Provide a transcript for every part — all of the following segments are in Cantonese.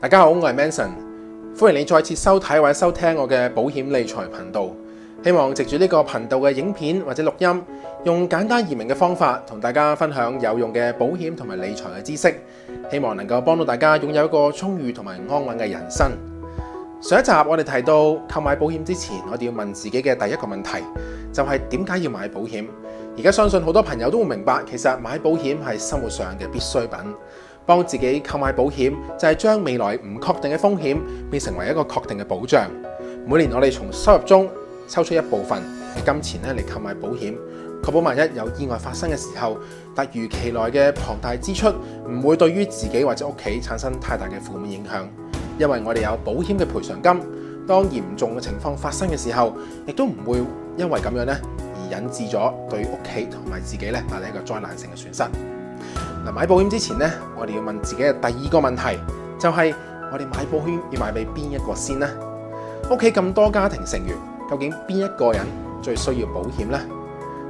大家好，我係 Manson，歡迎你再次收睇或者收聽我嘅保險理財頻道。希望藉住呢個頻道嘅影片或者錄音，用簡單易明嘅方法，同大家分享有用嘅保險同埋理財嘅知識，希望能夠幫到大家擁有一個充裕同埋安穩嘅人生。上一集我哋提到購買保險之前，我哋要問自己嘅第一個問題，就係點解要買保險？而家相信好多朋友都會明白，其實買保險係生活上嘅必需品。幫自己購買保險就係將未來唔確定嘅風險變成為一個確定嘅保障。每年我哋從收入中抽出一部分嘅金錢咧嚟，購買保險，確保萬一有意外發生嘅時候，突如其來嘅龐大支出唔會對於自己或者屋企產生太大嘅負面影響，因為我哋有保險嘅賠償金，當嚴重嘅情況發生嘅時候，亦都唔會因為咁樣咧而引致咗對屋企同埋自己咧帶嚟一個災難性嘅損失。買保險之前咧，我哋要問自己嘅第二個問題，就係，我哋買保險要買俾邊一個先咧？屋企咁多家庭成員，究竟邊一個人最需要保險呢？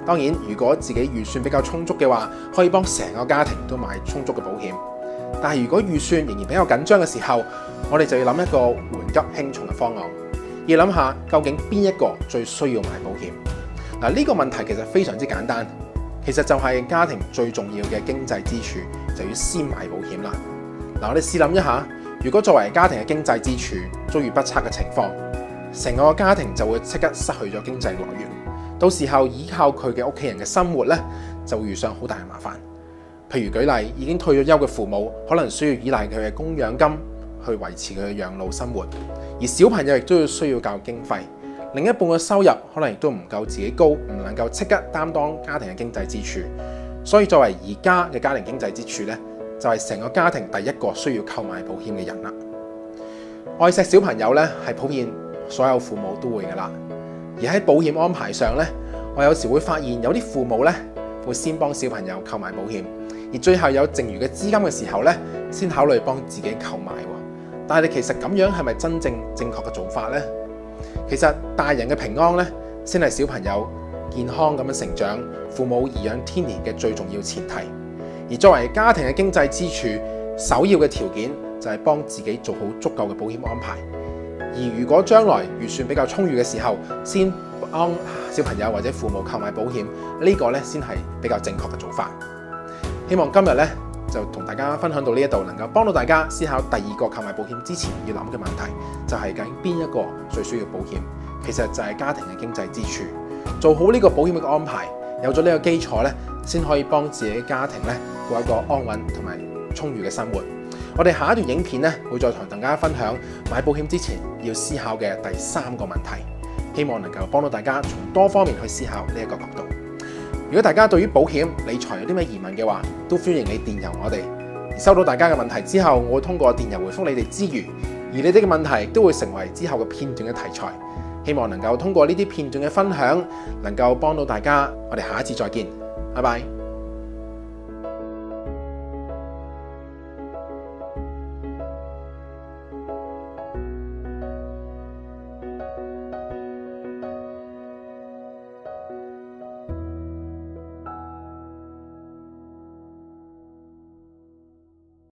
當然，如果自己預算比較充足嘅話，可以幫成個家庭都買充足嘅保險。但係如果預算仍然比較緊張嘅時候，我哋就要諗一個緩急輕重嘅方案，要諗下究竟邊一個最需要買保險。嗱，呢個問題其實非常之簡單。其實就係家庭最重要嘅經濟支柱，就要先買保險啦。嗱，我哋試諗一下，如果作為家庭嘅經濟支柱，遭遇不測嘅情況，成個家庭就會即刻失去咗經濟來源，到時候依靠佢嘅屋企人嘅生活咧，就會遇上好大嘅麻煩。譬如舉例，已經退咗休嘅父母，可能需要依賴佢嘅供養金去維持佢嘅養老生活，而小朋友亦都要需要教經費。另一半嘅收入可能亦都唔夠自己高，唔能夠即刻擔當家庭嘅經濟支柱，所以作為而家嘅家庭經濟支柱呢，就係成個家庭第一個需要購買保險嘅人啦。愛錫小朋友呢，係普遍所有父母都會噶啦,而喺保險安排上呢，我有時會發現有啲父母呢，會先幫小朋友購買保險，而最後有剩餘嘅資金嘅時候呢，先考慮幫自己購買。但係你其實咁樣係咪真正正確嘅做法呢？其實大人嘅平安咧，先係小朋友健康咁樣成長、父母頤養天年嘅最重要前提。而作為家庭嘅經濟支柱，首要嘅條件就係幫自己做好足夠嘅保險安排。而如果將來預算比較充裕嘅時候，先幫小朋友或者父母購買保險，這個、呢個咧先係比較正確嘅做法。希望今日咧，就同大家分享到呢一度，能夠幫到大家思考第二個購買保險之前要諗嘅問題，就係究竟邊一個最需要保險？其實就係家庭嘅經濟支柱，做好呢個保險嘅安排，有咗呢個基礎咧，先可以幫自己家庭咧過一個安穩同埋充裕嘅生活。我哋下一段影片咧會再同大家分享買保險之前要思考嘅第三個問題，希望能夠幫到大家從多方面去思考呢一個角度。如果大家對於保險、理財有啲咩疑問嘅話，都歡迎你電郵我哋。收到大家嘅問題之後，我會通過電郵回覆你哋之餘，而你哋嘅問題都會成為之後嘅片段嘅題材。希望能夠通過呢啲片段嘅分享，能夠幫到大家。我哋下一次再見，拜拜。